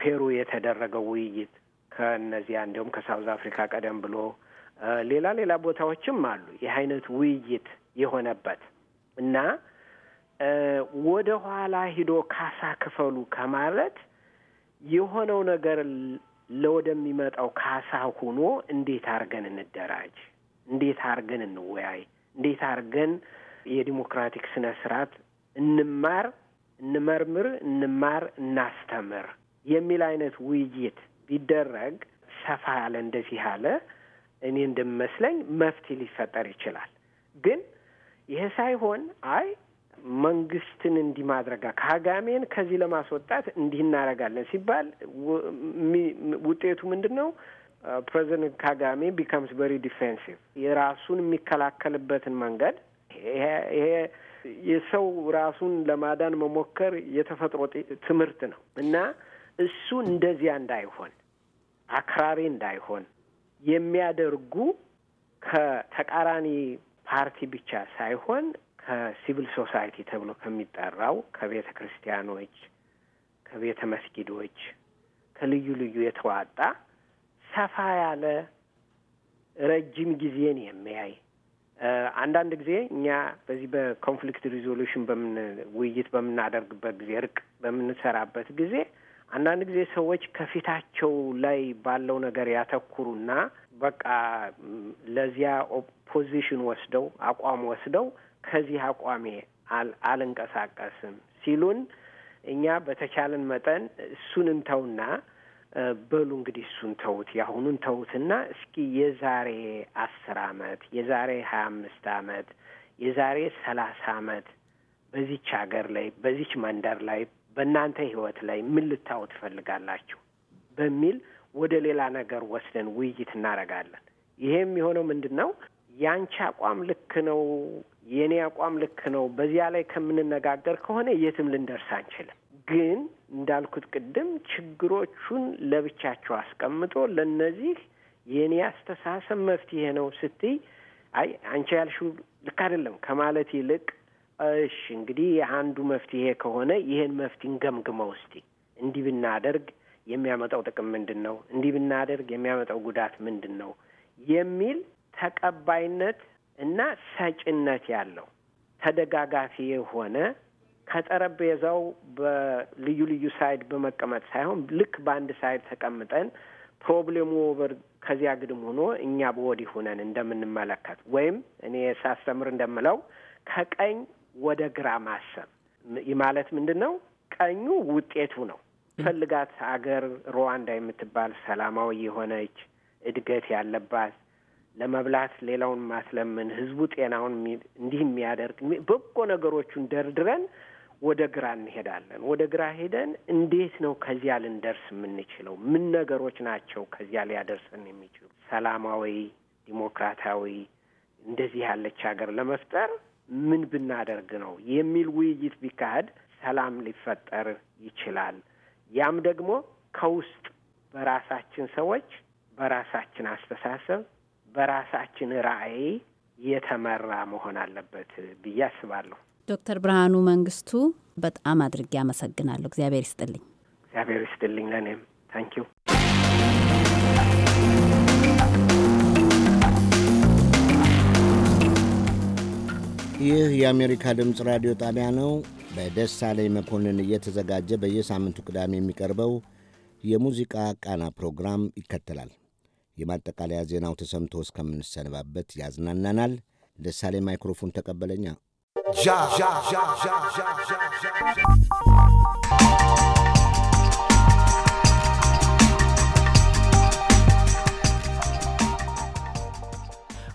ፔሩ የተደረገው ውይይት ከእነዚያ እንዲሁም ከሳውዝ አፍሪካ ቀደም ብሎ ሌላ ሌላ ቦታዎችም አሉ ይህ አይነት ውይይት የሆነበት እና ወደ ኋላ ሂዶ ካሳ ክፈሉ ከማለት የሆነው ነገር ለወደሚመጣው ካሳ ሁኖ እንዴት አድርገን እንደራጅ፣ እንዴት አድርገን እንወያይ፣ እንዴት አድርገን የዲሞክራቲክ ስነ ስርዓት እንማር፣ እንመርምር፣ እንማር፣ እናስተምር የሚል አይነት ውይይት ቢደረግ ሰፋ ያለ እንደዚህ ያለ እኔ እንደሚመስለኝ መፍትሄ ሊፈጠር ይችላል። ግን ይሄ ሳይሆን አይ መንግስትን እንዲህ ማድረጋ ከዚህ ለማስወጣት እንዲህ እናደርጋለን ሲባል ውጤቱ ምንድን ነው? ፕሬዚደንት ካጋሜ ቢካምስ ቨሪ ዲፌንሲቭ የራሱን የሚከላከልበትን መንገድ ይሄ የሰው ራሱን ለማዳን መሞከር የተፈጥሮ ትምህርት ነው እና እሱ እንደዚያ እንዳይሆን አክራሪ እንዳይሆን የሚያደርጉ ከተቃራኒ ፓርቲ ብቻ ሳይሆን ከሲቪል ሶሳይቲ ተብሎ ከሚጠራው ከቤተ ክርስቲያኖች፣ ከቤተ መስጊዶች፣ ከልዩ ልዩ የተዋጣ ሰፋ ያለ ረጅም ጊዜን የሚያይ አንዳንድ ጊዜ እኛ በዚህ በኮንፍሊክት ሪዞሉሽን በምን ውይይት በምናደርግበት ጊዜ እርቅ በምንሰራበት ጊዜ አንዳንድ ጊዜ ሰዎች ከፊታቸው ላይ ባለው ነገር ያተኩሩና በቃ ለዚያ ፖዚሽን ወስደው አቋም ወስደው ከዚህ አቋሜ አልንቀሳቀስም ሲሉን እኛ በተቻለን መጠን እሱን እንተውና በሉ እንግዲህ እሱን ተውት፣ የአሁኑን ተውትና እስኪ የዛሬ አስር አመት የዛሬ ሀያ አምስት አመት የዛሬ ሰላሳ አመት በዚች ሀገር ላይ በዚች መንደር ላይ በእናንተ ህይወት ላይ ምን ልታው ትፈልጋላችሁ በሚል ወደ ሌላ ነገር ወስደን ውይይት እናደርጋለን። ይሄም የሆነው ምንድን ነው ያንቺ አቋም ልክ ነው፣ የእኔ አቋም ልክ ነው። በዚያ ላይ ከምንነጋገር ከሆነ የትም ልንደርስ አንችልም። ግን እንዳልኩት ቅድም ችግሮቹን ለብቻቸው አስቀምጦ ለእነዚህ የእኔ አስተሳሰብ መፍትሄ ነው ስትይ አይ አንቺ ያልሽው ልክ አይደለም ከማለት ይልቅ እሺ እንግዲህ አንዱ መፍትሄ ከሆነ ይህን መፍትን ገምግመው እስቲ እንዲህ ብናደርግ የሚያመጣው ጥቅም ምንድን ነው? እንዲህ ብናደርግ የሚያመጣው ጉዳት ምንድን ነው? የሚል ተቀባይነት እና ሰጭነት ያለው ተደጋጋፊ የሆነ ከጠረጴዛው በልዩ ልዩ ሳይድ በመቀመጥ ሳይሆን ልክ በአንድ ሳይድ ተቀምጠን ፕሮብሌሙ ኦቨር ከዚያ ግድም ሆኖ እኛ በወዲህ ሆነን እንደምንመለከት ወይም እኔ ሳስተምር እንደምለው ከቀኝ ወደ ግራ ማሰብ። ይህ ማለት ምንድን ነው? ቀኙ ውጤቱ ነው። ፈልጋት አገር ሩዋንዳ የምትባል ሰላማዊ የሆነች እድገት ያለባት ለመብላት ሌላውን ማስለምን ህዝቡ ጤናውን እንዲህ የሚያደርግ በጎ ነገሮቹን ደርድረን ወደ ግራ እንሄዳለን። ወደ ግራ ሄደን እንዴት ነው ከዚያ ልንደርስ የምንችለው? ምን ነገሮች ናቸው ከዚያ ሊያደርሰን የሚችሉ? ሰላማዊ ዲሞክራታዊ እንደዚህ ያለች ሀገር ለመፍጠር ምን ብናደርግ ነው የሚል ውይይት ቢካሄድ ሰላም ሊፈጠር ይችላል። ያም ደግሞ ከውስጥ በራሳችን ሰዎች፣ በራሳችን አስተሳሰብ፣ በራሳችን ራዕይ የተመራ መሆን አለበት ብዬ አስባለሁ። ዶክተር ብርሃኑ መንግስቱ በጣም አድርጌ አመሰግናለሁ። እግዚአብሔር ይስጥልኝ። እግዚአብሔር ይስጥልኝ። ለእኔም ታንኪዩ ይህ የአሜሪካ ድምፅ ራዲዮ ጣቢያ ነው። በደሳለኝ መኮንን እየተዘጋጀ በየሳምንቱ ቅዳሜ የሚቀርበው የሙዚቃ ቃና ፕሮግራም ይከተላል። የማጠቃለያ ዜናው ተሰምቶ እስከምንሰነባበት ያዝናናናል። ደሳለኝ ማይክሮፎን ተቀበለኛ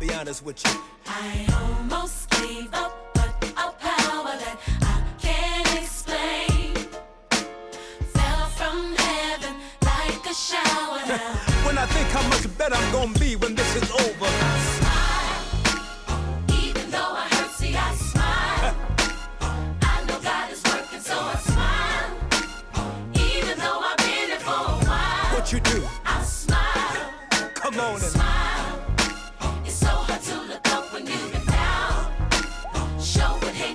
I almost gave up, but a power that I can't explain fell from heaven like a shower. when I think how much better I'm gonna be when this is over.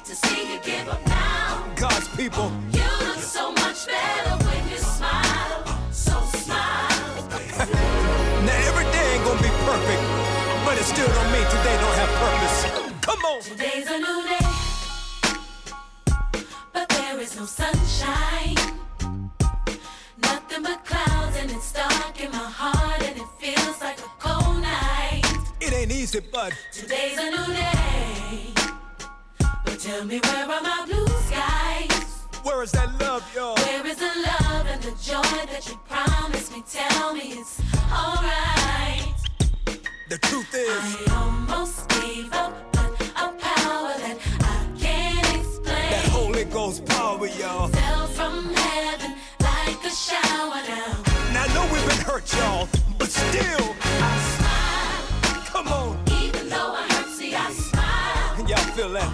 like to see you give up now. God's people. You look so much better when you smile. So smile. now every day ain't gonna be perfect, but it still don't mean today don't have purpose. Come on. Today's a new day, but there is no sunshine. Nothing but clouds and it's dark in my heart and it feels like a cold night. It ain't easy, but today's a new day. Tell me where are my blue skies? Where is that love, y'all? Where is the love and the joy that you promised me? Tell me it's alright. The truth is, I almost gave up, but a power that I can't explain. That Holy Ghost power, y'all. Fell from heaven like a shower now. Now I know we've been hurt, y'all, but still, I smile. Come on. Even though I hurt, see, I smile. Y'all feel that?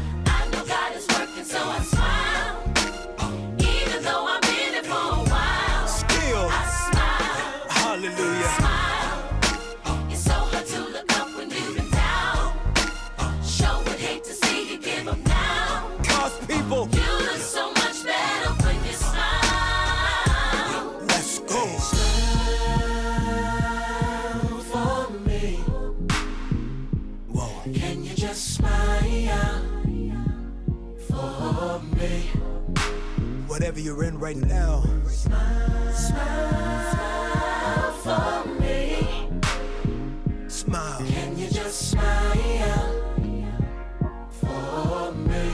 whatever you're in right now. Smile, smile for me. Smile. Can you just smile for me?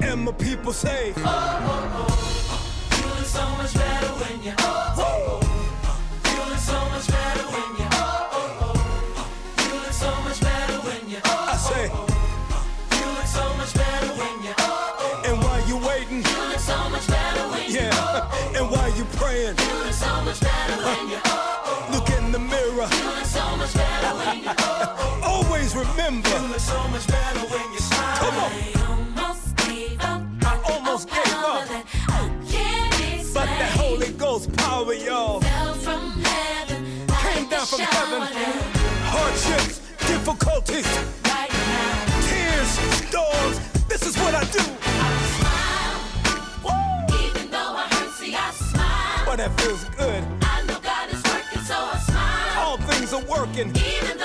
and my people say, Oh, oh, oh, oh. so much better when you're. Oh. in. Doing so much better when you're Look in the mirror. Doing so much better when you're Always remember. Doing so much better when you smile. Come on. I almost gave up. but that Holy Ghost power, y'all. Fell from heaven. Came like down from heaven. Hardships, difficulties. Right now. Tears, storms. This is what I do. that feels good. I know God is working, so I smile. All things are working. Even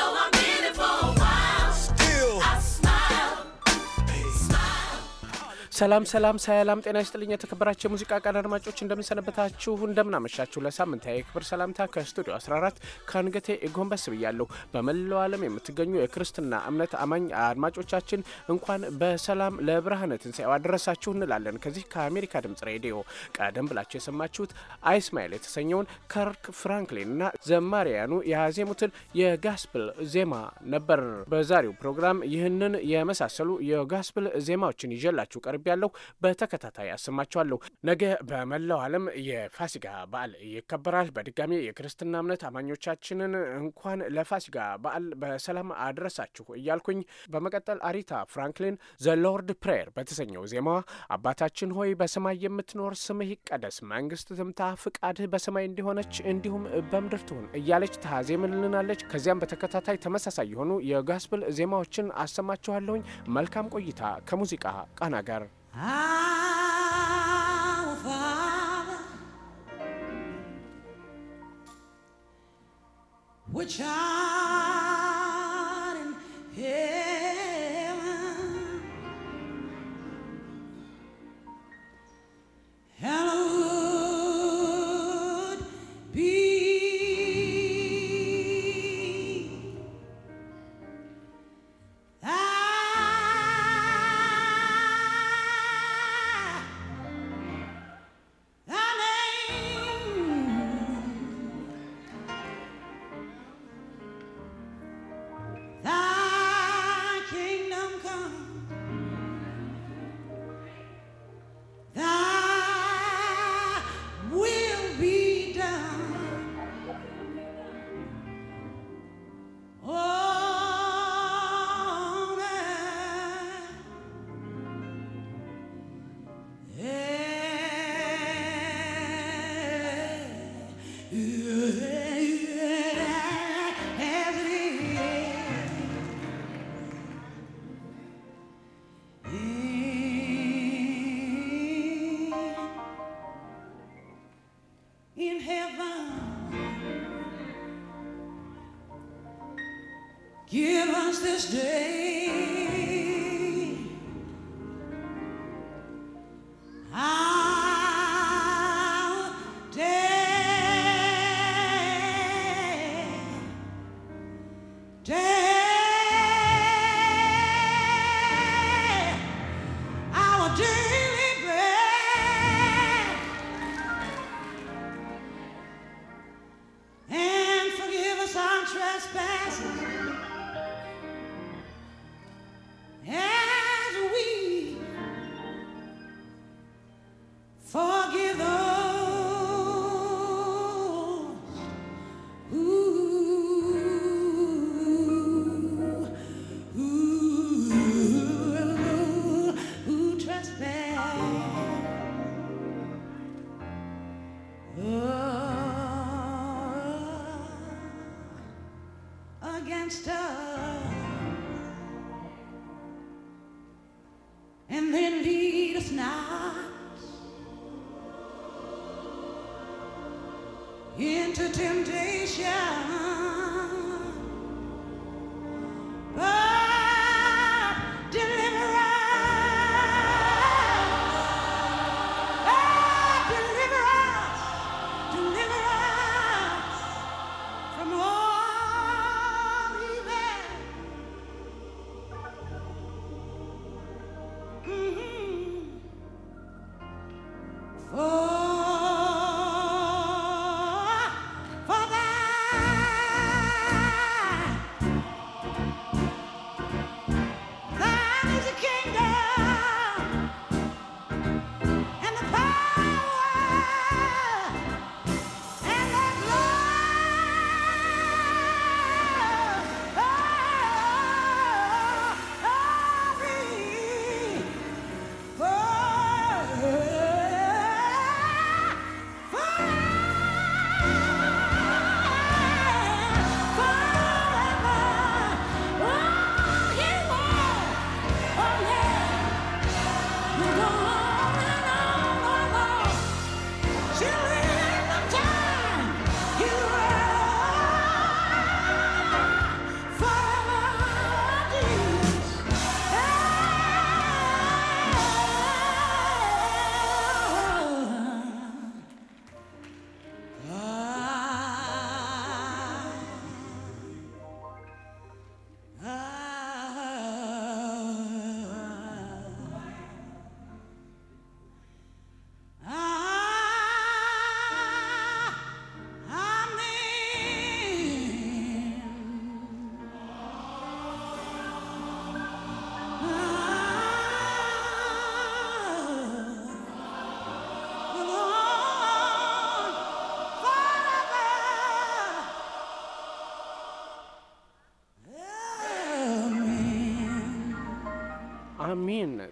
ሰላም ሰላም ሰላም፣ ጤና ይስጥልኝ የተከበራቸው የሙዚቃ ቀን አድማጮች እንደምንሰነበታችሁ፣ እንደምናመሻችሁ። ለሳምንታዊ የክብር ሰላምታ ከስቱዲዮ 14 ከአንገቴ ጎንበስ ብያለሁ። በመላው ዓለም የምትገኙ የክርስትና እምነት አማኝ አድማጮቻችን እንኳን በሰላም ለብርሃነ ትንሣኤው አደረሳችሁ እንላለን። ከዚህ ከአሜሪካ ድምጽ ሬዲዮ ቀደም ብላችሁ የሰማችሁት አይስማኤል የተሰኘውን ከርክ ፍራንክሊንና ዘማሪያኑ ያዜሙትን የጋስፕል ዜማ ነበር። በዛሬው ፕሮግራም ይህንን የመሳሰሉ የጋስፕል ዜማዎችን ይዤላችሁ ቀርቢያ ያለው በተከታታይ አሰማችኋለሁ። ነገ በመላው ዓለም የፋሲጋ በዓል ይከበራል። በድጋሚ የክርስትና እምነት አማኞቻችንን እንኳን ለፋሲጋ በዓል በሰላም አድረሳችሁ እያልኩኝ በመቀጠል አሪታ ፍራንክሊን ዘ ሎርድ ፕሬየር በተሰኘው ዜማዋ አባታችን ሆይ በሰማይ የምትኖር ስምህ ይቀደስ፣ መንግስት ትምታ፣ ፍቃድህ በሰማይ እንዲሆነች እንዲሁም በምድር ትሁን እያለች ታዜምልናለች። ከዚያም በተከታታይ ተመሳሳይ የሆኑ የጋስፕል ዜማዎችን አሰማችኋለሁኝ። መልካም ቆይታ ከሙዚቃ ቃና ጋር Our Father, which art trespasses.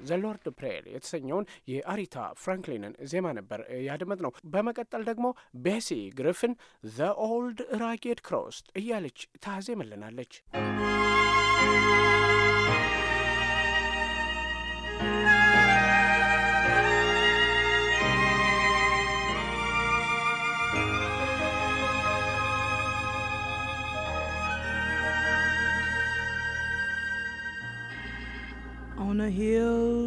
ዘ ሎርድ ፕሬር የተሰኘውን የአሪታ ፍራንክሊንን ዜማ ነበር ያድመጥ ነው። በመቀጠል ደግሞ ቤሲ ግሪፍን ዘ ኦልድ ራጌድ ክሮስት እያለች ታዜምልናለች። a hill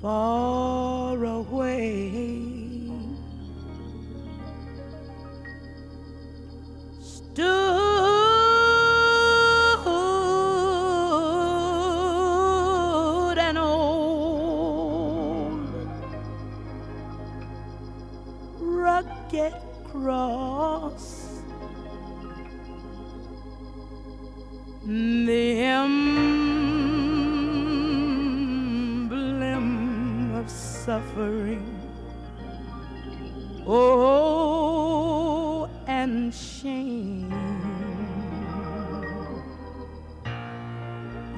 far away stood an old rugged cross the emblem of suffering. Oh, and shame.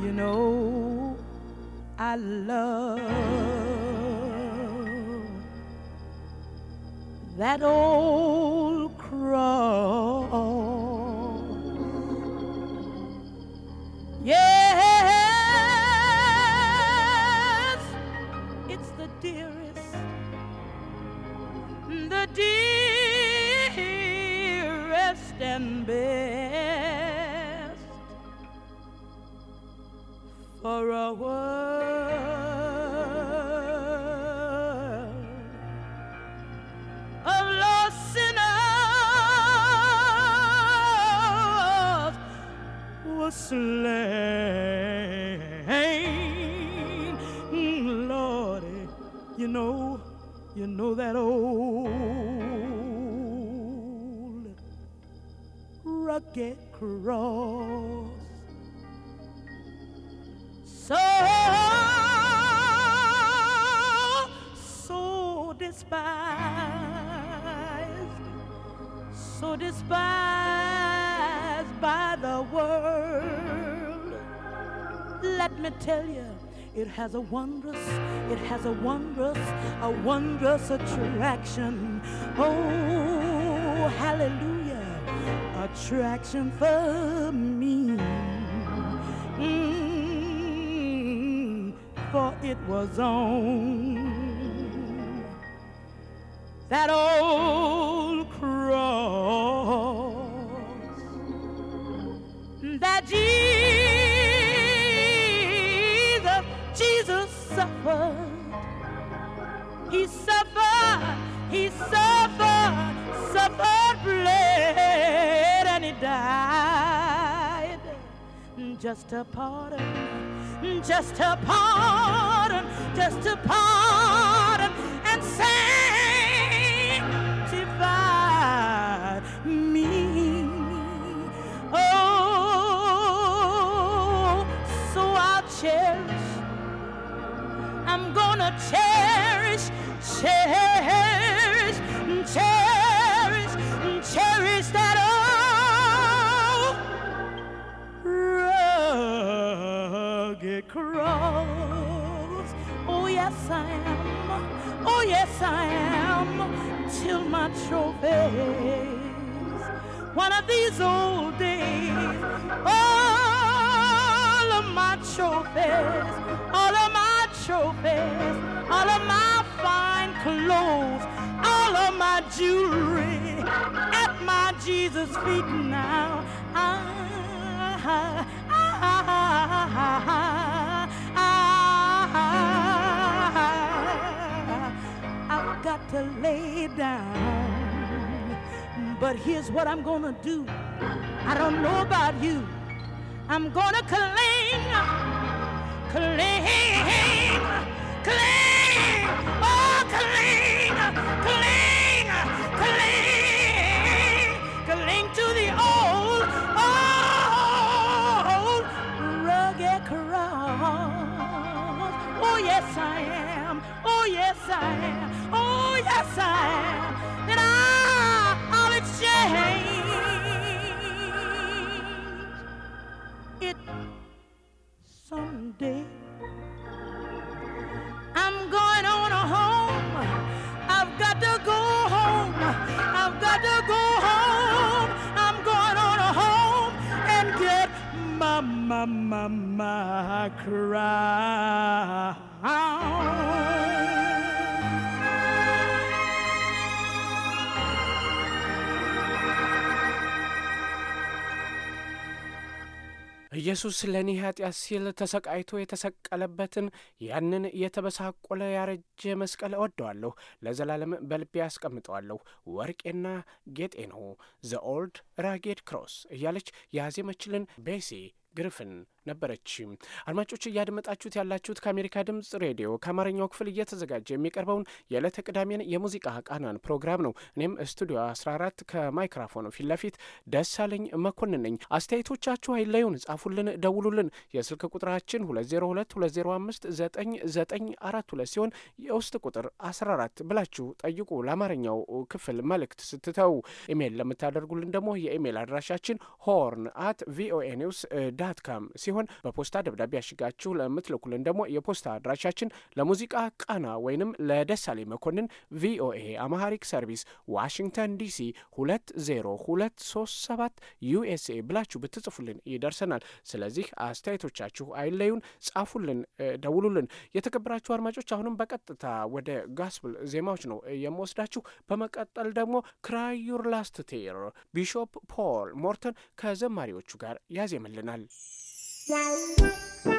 You know, I love that old slain. Mm, Lordy, you know, you know that old rugged cross. So, so despised, so despised by the world let me tell you, it has a wondrous, it has a wondrous, a wondrous attraction. Oh, hallelujah, attraction for me. Mm, for it was on that old cross that Jesus. He suffered. He suffered, suffered blood, and he died. Just a pardon, just a pardon, just a pardon, and save. gonna cherish, cherish, cherish, cherish that old rugged cross. Oh yes I am, oh yes I am, till my trophies. One of these old days, all of my trophies, all of my trophies, all of my fine clothes, all of my jewelry at my Jesus' feet now. I, have got to lay down, but here's what I'm gonna do. I don't know about you. I'm gonna cling Clay, Clay, oh. ኢየሱስ ለእኔ ኃጢአት ሲል ተሰቃይቶ የተሰቀለበትን ያንን የተበሳቆለ ያረጀ መስቀል እወደዋለሁ። ለዘላለም በልቤ ያስቀምጠዋለሁ። ወርቄና ጌጤ ነው። ዘ ኦልድ ራጌድ ክሮስ እያለች ያዜመችልን ቤሲ ግርፍን ነበረች። አድማጮች እያደመጣችሁት ያላችሁት ከአሜሪካ ድምጽ ሬዲዮ ከአማርኛው ክፍል እየተዘጋጀ የሚቀርበውን የዕለተ ቅዳሜን የሙዚቃ ቃናን ፕሮግራም ነው። እኔም ስቱዲዮ 14 ከማይክራፎኑ ፊት ለፊት ደሳለኝ መኮንን ነኝ። አስተያየቶቻችሁ አይለዩን፣ ጻፉልን፣ ደውሉልን። የስልክ ቁጥራችን 2022059942 ሲሆን የውስጥ ቁጥር 14 ብላችሁ ጠይቁ። ለአማርኛው ክፍል መልእክት ስትተው ኢሜይል ለምታደርጉልን ደግሞ የኢሜይል አድራሻችን ሆርን አት ቪኦኤ ኒውስ ዳት ካም ሲሆን ሲሆን በፖስታ ደብዳቤ ያሽጋችሁ ለምትልኩልን ደግሞ የፖስታ አድራሻችን ለሙዚቃ ቃና ወይንም ለደሳሌ መኮንን ቪኦኤ አማሃሪክ ሰርቪስ ዋሽንግተን ዲሲ 20237 ዩኤስኤ ብላችሁ ብትጽፉልን ይደርሰናል። ስለዚህ አስተያየቶቻችሁ አይለዩን፣ ጻፉልን፣ ደውሉልን። የተከበራችሁ አድማጮች አሁንም በቀጥታ ወደ ጋስፕል ዜማዎች ነው የምወስዳችሁ። በመቀጠል ደግሞ ክራይ ዩር ላስት ቴር ቢሾፕ ፖል ሞርተን ከዘማሪዎቹ ጋር ያዜምልናል። Bye.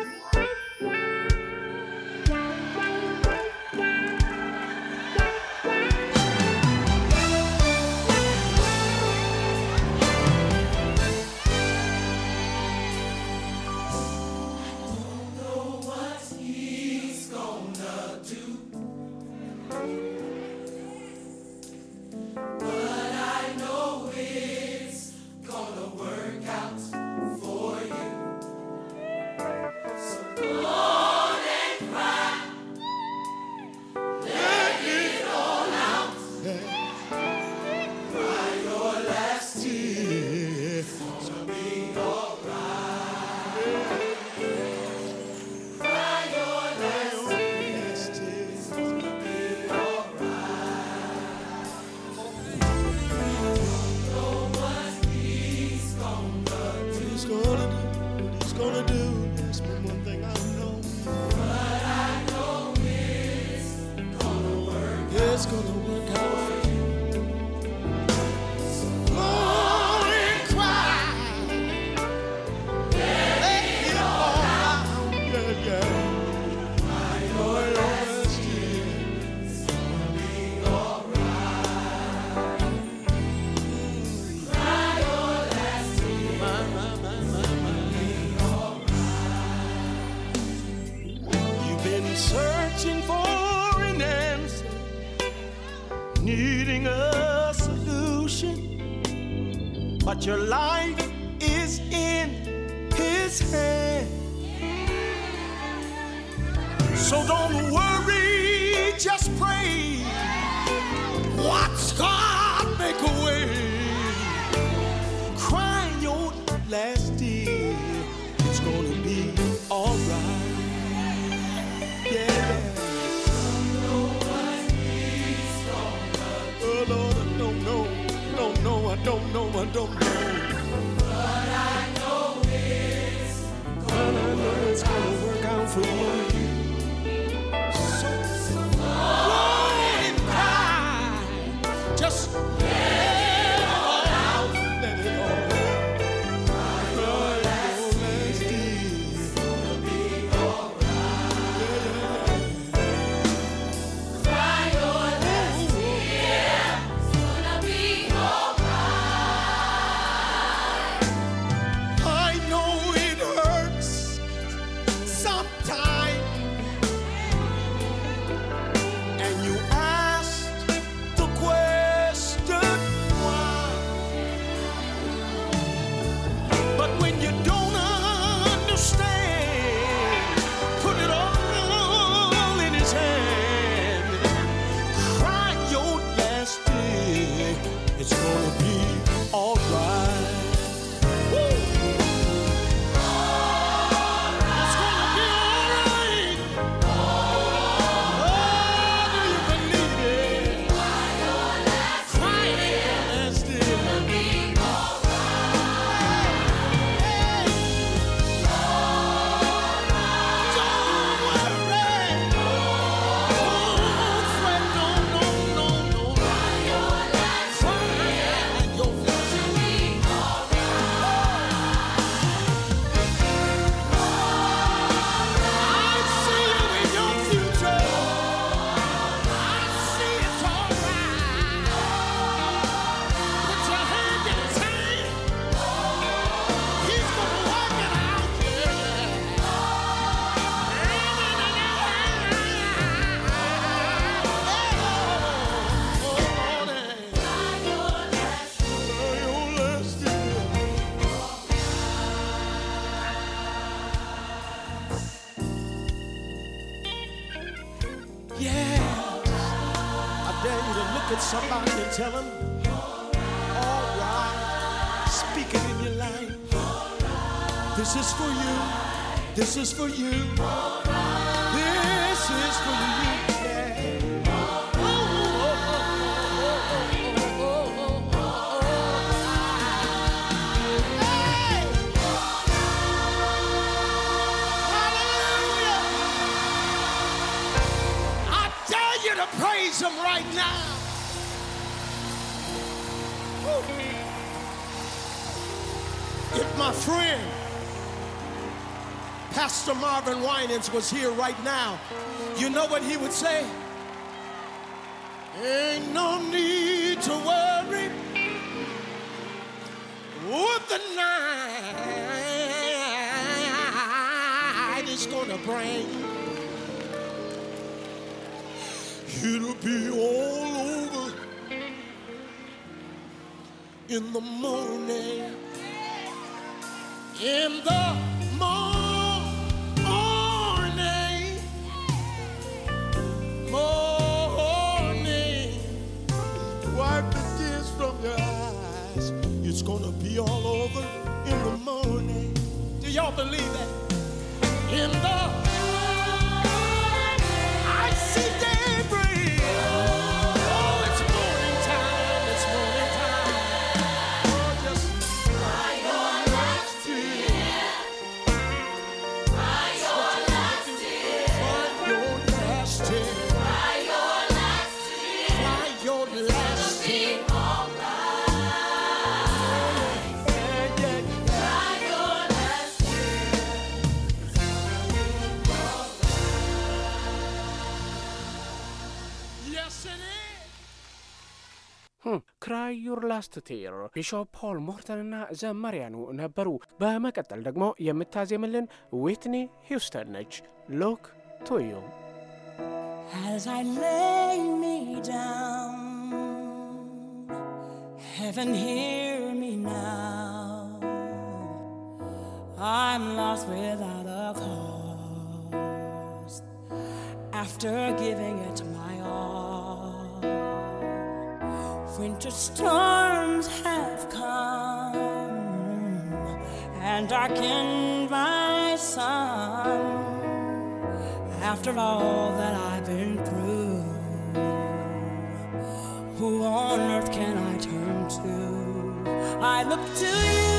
needing a solution, but your life is in His hand. So don't worry, just pray. Watch God make a way. Cry your last. don't But I know it's gonna, work out for you. So, Just Reverend Winans was here right now, you know what he would say? Ain't no need to worry what the night is gonna bring. It'll be all over in the morning. In the y'all believe that? In the ዩር ላስት ቴር ቢሾፕ ፖል ሞርተንና ዘመሪያኑ ነበሩ። በመቀጠል ደግሞ የምታዜምልን ዊትኒ ሂውስተን ነች። ሎክ ቱ ዩ አዝ አይ ሌይ ሚ ዳውን ሄቨን ሂር ሚ ናው አይም ላስት ዊዛውት አ Winter storms have come and darkened my sun. After all that I've been through, who on earth can I turn to? I look to you.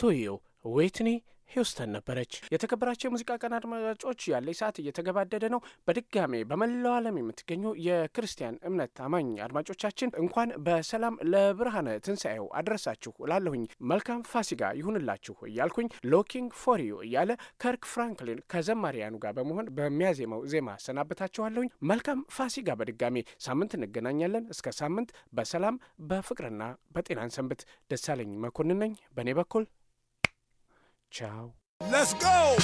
ቱዩ ዌትኒ ሂውስተን ነበረች። የተከበራቸው የሙዚቃ ቀን አድማጮች፣ ያለኝ ሰዓት እየተገባደደ ነው። በድጋሜ በመላው ዓለም የምትገኙ የክርስቲያን እምነት አማኝ አድማጮቻችን እንኳን በሰላም ለብርሃነ ትንሣኤው አድረሳችሁ እላለሁኝ። መልካም ፋሲጋ ይሁንላችሁ እያልኩኝ ሎኪንግ ፎር ዩ እያለ ከርክ ፍራንክሊን ከዘማሪያኑ ጋር በመሆን በሚያዜመው ዜማ አሰናብታችኋለሁኝ። መልካም ፋሲጋ በድጋሜ ሳምንት እንገናኛለን። እስከ ሳምንት በሰላም በፍቅርና በጤናን ሰንብት። ደሳለኝ መኮንን ነኝ በእኔ በኩል Ciao. Let's go!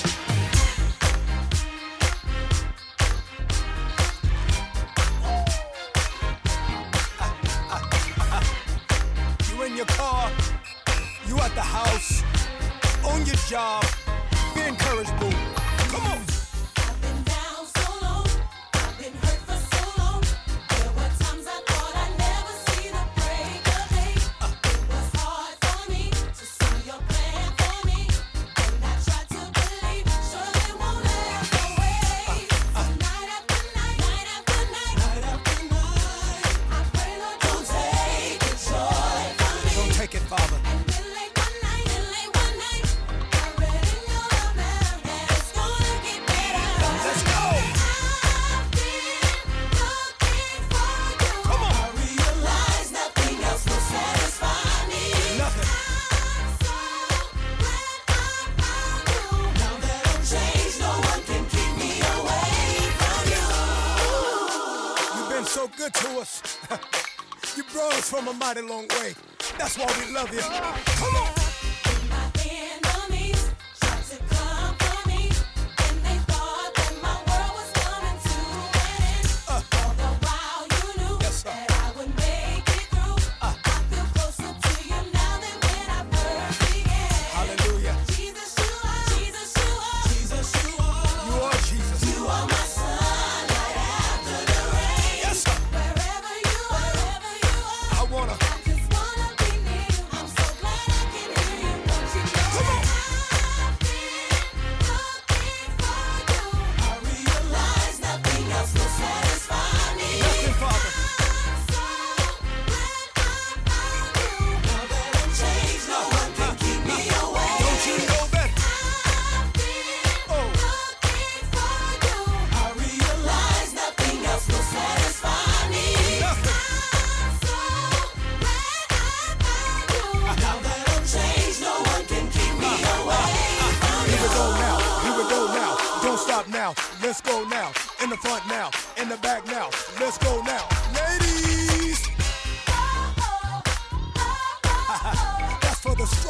You in your car, you at the house, on your job, be encouraged, boo. Come on.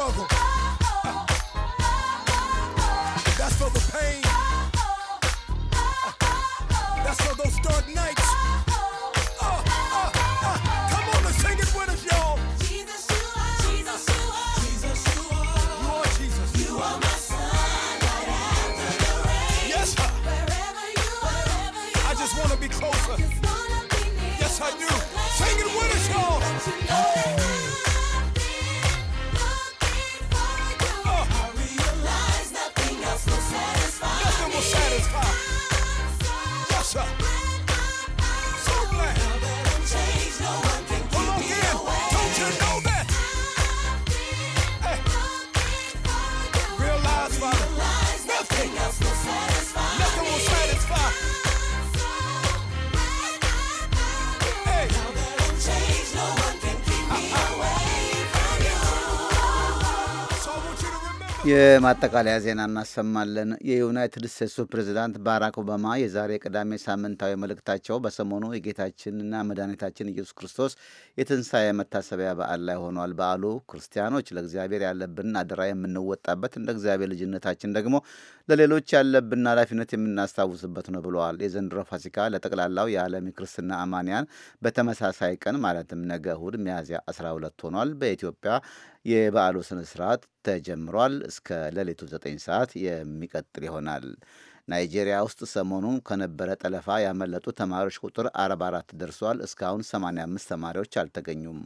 struggle. የማጠቃለያ ዜና እናሰማለን። የዩናይትድ ስቴትሱ ፕሬዚዳንት ባራክ ኦባማ የዛሬ ቅዳሜ ሳምንታዊ መልእክታቸው በሰሞኑ የጌታችንና መድኃኒታችን ኢየሱስ ክርስቶስ የትንሣኤ መታሰቢያ በዓል ላይ ሆኗል። በዓሉ ክርስቲያኖች ለእግዚአብሔር ያለብንን አደራ የምንወጣበት፣ እንደ እግዚአብሔር ልጅነታችን ደግሞ ለሌሎች ያለብን ኃላፊነት የምናስታውስበት ነው ብለዋል። የዘንድሮ ፋሲካ ለጠቅላላው የዓለም ክርስትና አማንያን በተመሳሳይ ቀን ማለትም ነገ እሁድ ሚያዝያ 12 ሆኗል። በኢትዮጵያ የበዓሉ ስነ ስርዓት ተጀምሯል። እስከ ሌሊቱ 9 ሰዓት የሚቀጥል ይሆናል። ናይጄሪያ ውስጥ ሰሞኑን ከነበረ ጠለፋ ያመለጡ ተማሪዎች ቁጥር 44 ደርሷል። እስካሁን 85 ተማሪዎች አልተገኙም።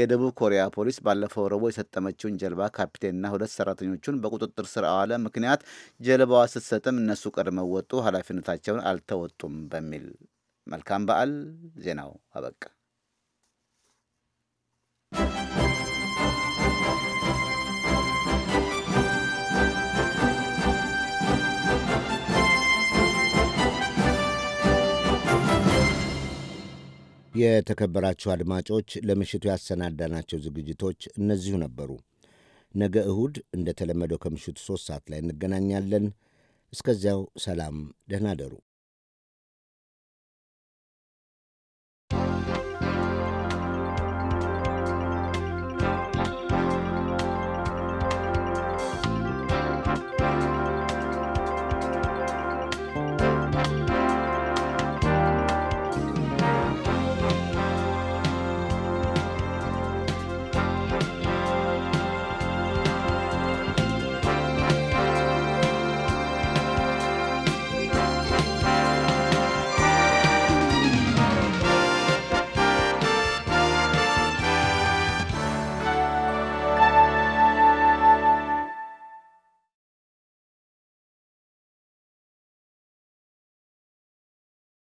የደቡብ ኮሪያ ፖሊስ ባለፈው ረቡዕ የሰጠመችውን ጀልባ ካፒቴንና ሁለት ሰራተኞቹን በቁጥጥር ስር አዋለ። ምክንያት ጀልባዋ ስትሰጥም እነሱ ቀድመው ወጡ፣ ኃላፊነታቸውን አልተወጡም በሚል መልካም በዓል። ዜናው አበቃ። የተከበራችሁ አድማጮች ለምሽቱ ያሰናዳናቸው ዝግጅቶች እነዚሁ ነበሩ። ነገ እሁድ እንደተለመደው ከምሽቱ ሦስት ሰዓት ላይ እንገናኛለን። እስከዚያው ሰላም፣ ደህና ደሩ።